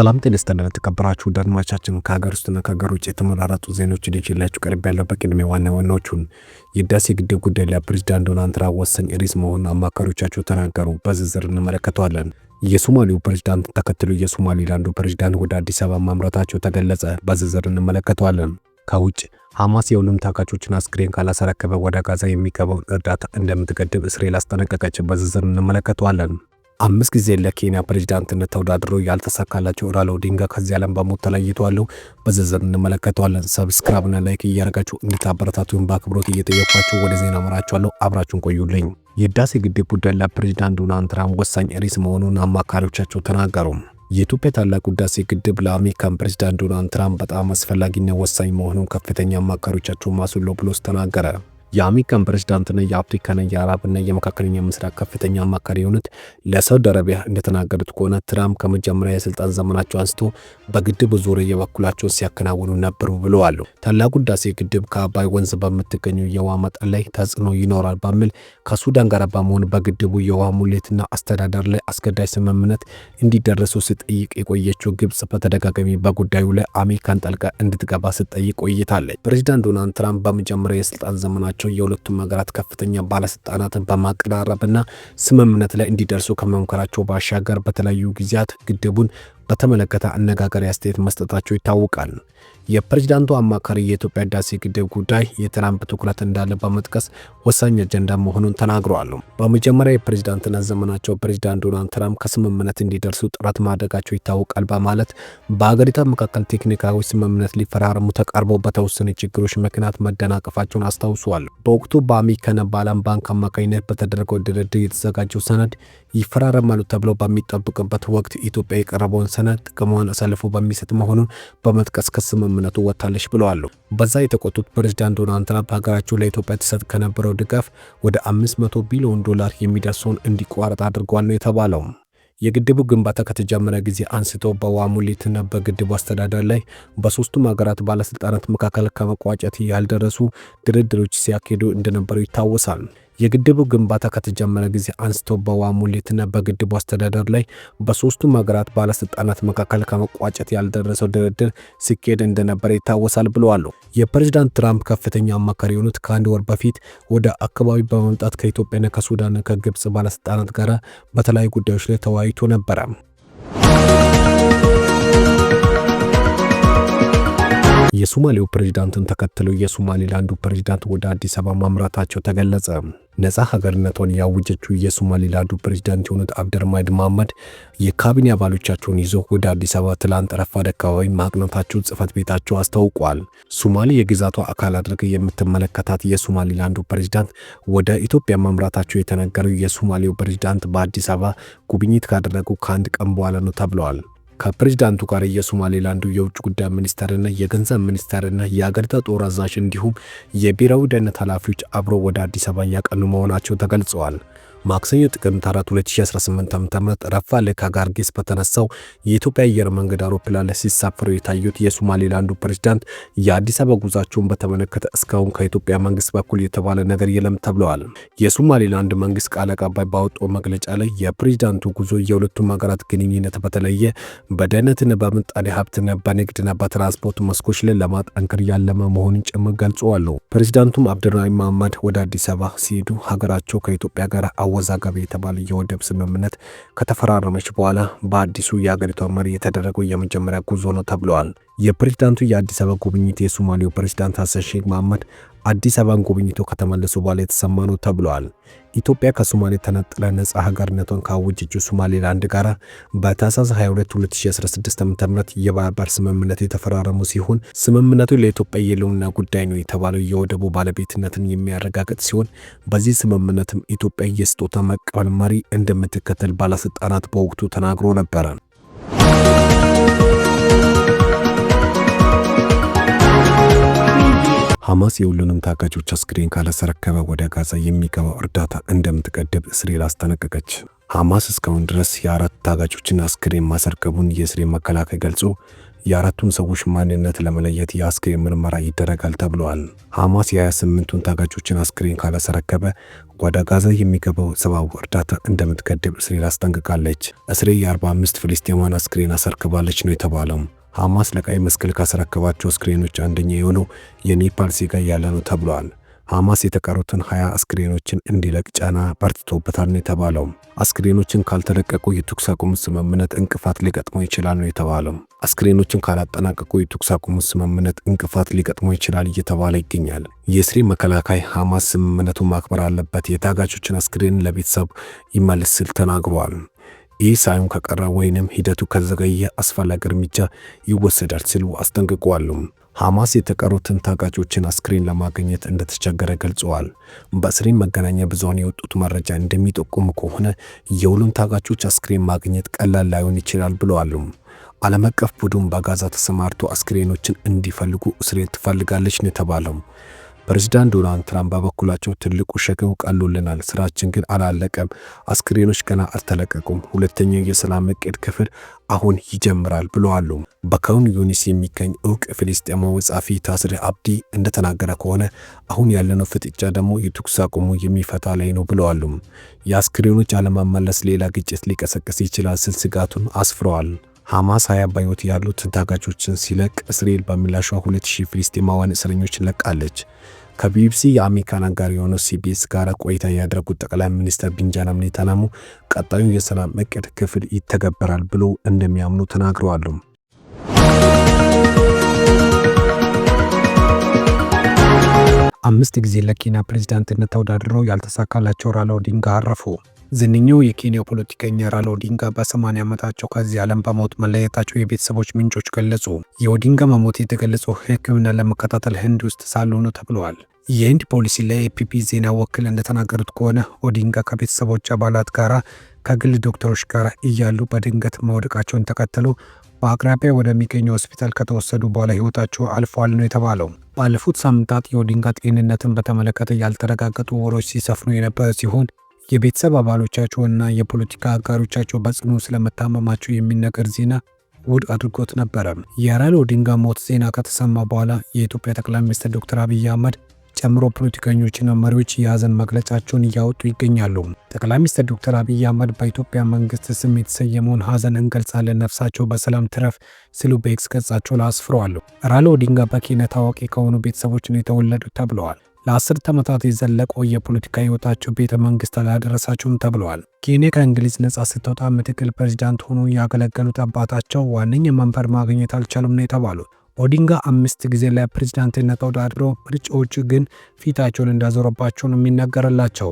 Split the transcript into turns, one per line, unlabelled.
ሰላም ጤና ይስጥልን የተከበራችሁ አድማጮቻችን፣ ከሀገር ውስጥና ከሀገር ውጭ የተመራረጡ ዜናዎች ይዤላችሁ ያለው። በቅድሚያ ዋና ዋናዎቹን የህዳሴ ግድብ ጉዳይ ለፕሬዚዳንት ዶናልድ ትራምፕ ወሳኝ ርዕስ መሆኑን አማካሪዎቻቸው ተናገሩ። በዝርዝር እንመለከተዋለን። የሶማሌው ፕሬዚዳንት ተከትሎ የሶማሌላንዱ ፕሬዚዳንት ወደ አዲስ አበባ ማምራታቸው ተገለጸ። በዝርዝር እንመለከተዋለን። ከውጭ ሐማስ የሁሉም ታጋቾችን አስክሬን ካላሰረከበ ወደ ጋዛ የሚገባውን እርዳታ እንደምትገድብ እስራኤል አስጠነቀቀች። በዝርዝር እንመለከተዋለን። አምስት ጊዜ ለኬንያ ፕሬዚዳንትነት ተወዳድሮ ያልተሳካላቸው ራይላ ኦዲንጋ ከዚህ ዓለም በሞት ተለይተዋል። በዝርዝር እንመለከተዋለን። ሰብስክራብና ላይክ እያደረጋችሁ እንድታበረታቱን በአክብሮት እየጠየኳቸው ወደ ዜና አመራችኋለሁ። አብራችሁን ቆዩልኝ። የህዳሴ ግድብ ጉዳይ ለፕሬዚዳንት ዶናልድ ትራምፕ ወሳኝ ርዕስ መሆኑን አማካሪዎቻቸው ተናገሩ። የኢትዮጵያ ታላቁ ህዳሴ ግድብ ለአሜሪካን ፕሬዚዳንት ዶናልድ ትራምፕ በጣም አስፈላጊና ወሳኝ መሆኑን ከፍተኛ አማካሪዎቻቸው ማሱሎ ብሎስ ተናገረ። የአሚካን ፕሬዝዳንትና የአፍሪካና ና የመካከለኛ ምስራቅ ከፍተኛ አማካሪ የሆኑት ለሳውዲ አረቢያ እንደተናገሩት ከሆነ ትራምፕ ከመጀመሪያ የስልጣን ዘመናቸው አንስቶ በግድቡ ዙሪያ የበኩላቸውን ሲያከናውኑ ነበሩ ብለዋል። ታላቁ ህዳሴ ግድብ ከአባይ ወንዝ በምትገኘው የውሃ መጠን ላይ ተጽዕኖ ይኖራል በሚል ከሱዳን ጋር በመሆን በግድቡ የውሃ ሙሌትና አስተዳደር ላይ አስገዳጅ ስምምነት እንዲደረሱ ስጠይቅ የቆየችው ግብጽ በተደጋጋሚ በጉዳዩ ላይ አሜሪካን ጠልቃ እንድትገባ ስጠይቅ ቆይታለች። ፕሬዚዳንት ዶናልድ ትራምፕ በመጀመሪያ የስልጣን ዘመናቸው ያላቸው የሁለቱም ሀገራት ከፍተኛ ባለስልጣናትን በማቀራረብና ስምምነት ላይ እንዲደርሱ ከመምከራቸው ባሻገር በተለያዩ ጊዜያት ግድቡን በተመለከተ አነጋጋሪ አስተያየት መስጠታቸው ይታወቃል። የፕሬዚዳንቱ አማካሪ የኢትዮጵያ ህዳሴ ግድብ ጉዳይ የትራምፕ ትኩረት እንዳለ በመጥቀስ ወሳኝ አጀንዳ መሆኑን ተናግረዋል። በመጀመሪያ የፕሬዚዳንትነት ዘመናቸው ፕሬዚዳንት ዶናልድ ትራምፕ ከስምምነት እንዲደርሱ ጥረት ማድረጋቸው ይታወቃል በማለት በሀገሪቷ መካከል ቴክኒካዊ ስምምነት ሊፈራረሙ ተቃርበው በተወሰነ ችግሮች ምክንያት መደናቀፋቸውን አስታውሰዋል። በወቅቱ በአሜሪካና በዓለም ባንክ አማካኝነት በተደረገው ድርድር የተዘጋጀው ሰነድ ይፈራረማሉ ተብለው በሚጠብቅበት ወቅት ኢትዮጵያ የቀረበውን የተወሰነ ጥቅሟን አሳልፎ በሚሰጥ መሆኑን በመጥቀስ ከስምምነቱ ወጥታለች ብለዋል። በዛ የተቆጡት ፕሬዚዳንት ዶናልድ ትራምፕ ሀገራቸው ለኢትዮጵያ ትሰጥ ከነበረው ድጋፍ ወደ 500 ቢሊዮን ዶላር የሚደርሰውን እንዲቋረጥ አድርጓል ነው የተባለው። የግድቡ ግንባታ ከተጀመረ ጊዜ አንስቶ በውሃ ሙሌትና በግድቡ አስተዳደር ላይ በሶስቱም ሀገራት ባለስልጣናት መካከል ከመቋጨት ያልደረሱ ድርድሮች ሲያካሄዱ እንደነበሩ ይታወሳል። የግድቡ ግንባታ ከተጀመረ ጊዜ አንስቶ በውሃ ሙሌትና በግድቡ አስተዳደር ላይ በሶስቱም ሀገራት ባለስልጣናት መካከል ከመቋጨት ያልደረሰው ድርድር ሲካሄድ እንደነበረ ይታወሳል ብለዋል። የፕሬዚዳንት ትራምፕ ከፍተኛ አማካሪ የሆኑት ከአንድ ወር በፊት ወደ አካባቢ በመምጣት ከኢትዮጵያና ከሱዳንና ከግብፅ ባለስልጣናት ጋር በተለያዩ ጉዳዮች ላይ ተወያይቶ ነበረ። የሶማሌው ፕሬዚዳንትን ተከትለው የሶማሌላንዱ ፕሬዚዳንት ወደ አዲስ አበባ ማምራታቸው ተገለጸ። ነጻ ሀገርነቷን ያወጀችው የሶማሌላንዱ ፕሬዚዳንት የሆኑት አብደርማይድ መሐመድ የካቢኔ አባሎቻቸውን ይዘው ወደ አዲስ አበባ ትላንት ረፋድ አካባቢ ማቅናታቸው ጽህፈት ቤታቸው አስታውቋል። ሶማሌ የግዛቷ አካል አድርገ የምትመለከታት የሶማሌላንዱ ፕሬዚዳንት ወደ ኢትዮጵያ ማምራታቸው የተነገረው የሶማሌው ፕሬዚዳንት በአዲስ አበባ ጉብኝት ካደረጉ ከአንድ ቀን በኋላ ነው ተብለዋል። ከፕሬዚዳንቱ ጋር የሶማሌላንዱ የውጭ ጉዳይ ሚኒስተርና የገንዘብ ሚኒስተርና የአገሪቱ ጦር አዛዥ እንዲሁም የብሔራዊ ደህንነት ኃላፊዎች አብሮ ወደ አዲስ አበባ እያቀኑ መሆናቸው ተገልጸዋል። ማክሰኞ ጥቅምት 4 2018 ዓ.ም ረፋድ ላይ በተነሳው የኢትዮጵያ አየር መንገድ አውሮፕላን ላይ ሲሳፈሩ የታዩት የሶማሌላንዱ ፕሬዝዳንት የአዲስ አበባ ጉዟቸውን በተመለከተ እስካሁን ከኢትዮጵያ መንግስት በኩል የተባለ ነገር የለም ተብለዋል። የሶማሌላንድ መንግስት ቃል አቀባይ ባወጣው መግለጫ ላይ የፕሬዝዳንቱ ጉዞ የሁለቱም ሀገራት ግንኙነት በተለየ በደህንነትና በምጣኔ ሀብትና በንግድና በትራንስፖርት መስኮች ላይ ለማጠንከር ያለመ መሆኑን ጭምር ገልጸዋል። ፕሬዝዳንቱም አብድራሂም መሐመድ ወደ አዲስ አበባ ሲሄዱ ሀገራቸው ከኢትዮጵያ ጋር አወዛጋቢ የተባለ የወደብ ስምምነት ከተፈራረመች በኋላ በአዲሱ የአገሪቷ መሪ የተደረገው የመጀመሪያ ጉዞ ነው ተብለዋል። የፕሬዝዳንቱ የአዲስ አበባ ጉብኝት የሶማሌው ፕሬዝዳንት ሀሰን ሼክ መሐመድ አዲስ አበባን ጎብኝቶ ከተመለሱ በኋላ የተሰማ ነው ተብሏል። ኢትዮጵያ ከሶማሌ ተነጥለ ነጻ ሀገርነቷን ካወጀችው ሶማሌላንድ ጋር በታህሳስ 22 2016 ዓ.ም የባህር በር ስምምነት የተፈራረሙ ሲሆን ስምምነቱ ለኢትዮጵያ የሕልውና ጉዳይ ነው የተባለው የወደቡ ባለቤትነትን የሚያረጋግጥ ሲሆን በዚህ ስምምነትም ኢትዮጵያ የስጦታ መቀበል መሪ እንደምትከተል ባለስልጣናት በወቅቱ ተናግሮ ነበረ። ሐማስ የሁሉንም ታጋጆች አስክሬን ካላስረከበ ወደ ጋዛ የሚገባው እርዳታ እንደምትገድብ እስራኤል አስጠነቀቀች። ሐማስ እስካሁን ድረስ የአራት ታጋጆችን አስክሬን ማስረከቡን የእስራኤል መከላከያ ገልጾ የአራቱን ሰዎች ማንነት ለመለየት የአስክሬን ምርመራ ይደረጋል ተብለዋል። ሐማስ የ28ቱን ታጋጆችን አስክሬን ካላስረከበ ወደ ጋዛ የሚገባው ሰብአዊ እርዳታ እንደምትገድብ እስሬል አስጠንቅቃለች። እስሬ የ45 ፍልስጤማውያን አስክሬን አስረክባለች ነው የተባለው። ሐማስ ለቀይ መስቀል ካስረከባቸው አስክሬኖች አንደኛ የሆነው የኔፓል ዜጋ ያለ ነው ተብሏል። ሐማስ የተቀሩትን ሀያ አስክሬኖችን እንዲለቅ ጫና በርትቶበታል ነው የተባለው። አስክሬኖችን ካልተለቀቁ የተኩስ አቁም ስምምነት እንቅፋት ሊገጥመው ይችላል ነው የተባለው። አስክሬኖችን ካላጠናቀቁ የተኩስ አቁም ስምምነት እንቅፋት ሊገጥመው ይችላል እየተባለ ይገኛል። የእስራኤል መከላከያ ሐማስ ስምምነቱን ማክበር አለበት፣ የታጋቾችን አስክሬን ለቤተሰብ ይመልስ ተናግሯል። ይህ ሳይሆን ከቀረ ወይንም ሂደቱ ከዘገየ አስፈላጊ እርምጃ ይወሰዳል ሲሉ አስጠንቅቀዋል። ሐማስ የተቀሩትን ታጋቾችን አስክሬን ለማግኘት እንደተቸገረ ገልጸዋል። በእስራኤል መገናኛ ብዙን የወጡት መረጃ እንደሚጠቁም ከሆነ የሁሉም ታጋቾች አስክሬን ማግኘት ቀላል ላይሆን ይችላል ብለዋል። ዓለም አቀፍ ቡድን በጋዛ ተሰማርቶ አስክሬኖችን እንዲፈልጉ እስራኤል ትፈልጋለች ነው የተባለው። ፕሬዚዳንት ዶናልድ ትራምፕ በበኩላቸው ትልቁ ሸክም ቀሎልናል፣ ስራችን ግን አላለቀም፣ አስክሬኖች ገና አልተለቀቁም፣ ሁለተኛው የሰላም እቅድ ክፍል አሁን ይጀምራል ብለዋሉ። በካውን ዩኒስ የሚገኝ እውቅ ፍልስጤማዊ ጸሐፊ ታስሪ አብዲ እንደተናገረ ከሆነ አሁን ያለነው ፍጥጫ ደግሞ የተኩስ አቁሙ የሚፈታ ላይ ነው ብለዋሉ። የአስክሬኖች አለመመለስ ሌላ ግጭት ሊቀሰቅስ ይችላል ስል ስጋቱን አስፍረዋል። ሐማስ ሀያ በሕይወት ያሉት ታጋቾችን ሲለቅ እስራኤል በምላሿ 2000 ፍልስጤማውያን እስረኞች ለቃለች። ከቢቢሲ የአሜሪካን አጋር የሆነው ሲቢኤስ ጋር ቆይታ ያደረጉት ጠቅላይ ሚኒስትር ቢንጃና ኔታንያሁ ቀጣዩ የሰላም እቅድ ክፍል ይተገበራል ብሎ እንደሚያምኑ ተናግረዋል። አምስት ጊዜ ለኬንያ ፕሬዚዳንትነት ተወዳድረው ያልተሳካላቸው ራላ ኦዲንጋ አረፉ። ዝንኛው የኬንያው ፖለቲከኛ ራላ ኦዲንጋ በ80 ዓመታቸው ከዚህ ዓለም በሞት መለየታቸው የቤተሰቦች ምንጮች ገለጹ። የኦዲንጋ መሞት የተገለጸው ሕክምና ለመከታተል ህንድ ውስጥ ሳሉ ነው ተብለዋል። የህንድ ፖሊሲ ለኤፒፒ ዜና ወክል እንደተናገሩት ከሆነ ኦዲንጋ ከቤተሰቦች አባላት ጋር ከግል ዶክተሮች ጋር እያሉ በድንገት መውደቃቸውን ተከትሎ በአቅራቢያ ወደሚገኘው ሆስፒታል ከተወሰዱ በኋላ ህይወታቸው አልፏል ነው የተባለው። ባለፉት ሳምንታት የኦዲንጋ ጤንነትን በተመለከተ ያልተረጋገጡ ወሮች ሲሰፍኑ የነበረ ሲሆን የቤተሰብ አባሎቻቸውና የፖለቲካ አጋሮቻቸው በጽኑ ስለመታመማቸው የሚነገር ዜና ውድ አድርጎት ነበረ። የራይላ ኦዲንጋ ሞት ዜና ከተሰማ በኋላ የኢትዮጵያ ጠቅላይ ሚኒስትር ዶክተር አብይ አህመድ ጨምሮ ፖለቲከኞችና መሪዎች የሀዘን መግለጫቸውን እያወጡ ይገኛሉ። ጠቅላይ ሚኒስትር ዶክተር አብይ አህመድ በኢትዮጵያ መንግስት ስም የተሰየመውን ሀዘን እንገልጻለን፣ ነፍሳቸው በሰላም ትረፍ ሲሉ በኤክስ ገጻቸው ላይ አስፍረዋል። ራይላ ኦዲንጋ በኬንያ ታዋቂ ከሆኑ ቤተሰቦች ነው የተወለዱ ተብለዋል። ለአስርት ዓመታት የዘለቀው የፖለቲካ ህይወታቸው ቤተ መንግስት አላደረሳቸውም ተብለዋል። ኬንያ ከእንግሊዝ ነጻ ስትወጣ ምክትል ፕሬዚዳንት ሆኖ ያገለገሉት አባታቸው ዋነኛ መንበር ማግኘት አልቻሉም ነው የተባሉት። ኦዲንጋ አምስት ጊዜ ለፕሬዚዳንትነት ተወዳድሮ ምርጫዎቹ ግን ፊታቸውን እንዳዞረባቸው ነው የሚነገርላቸው።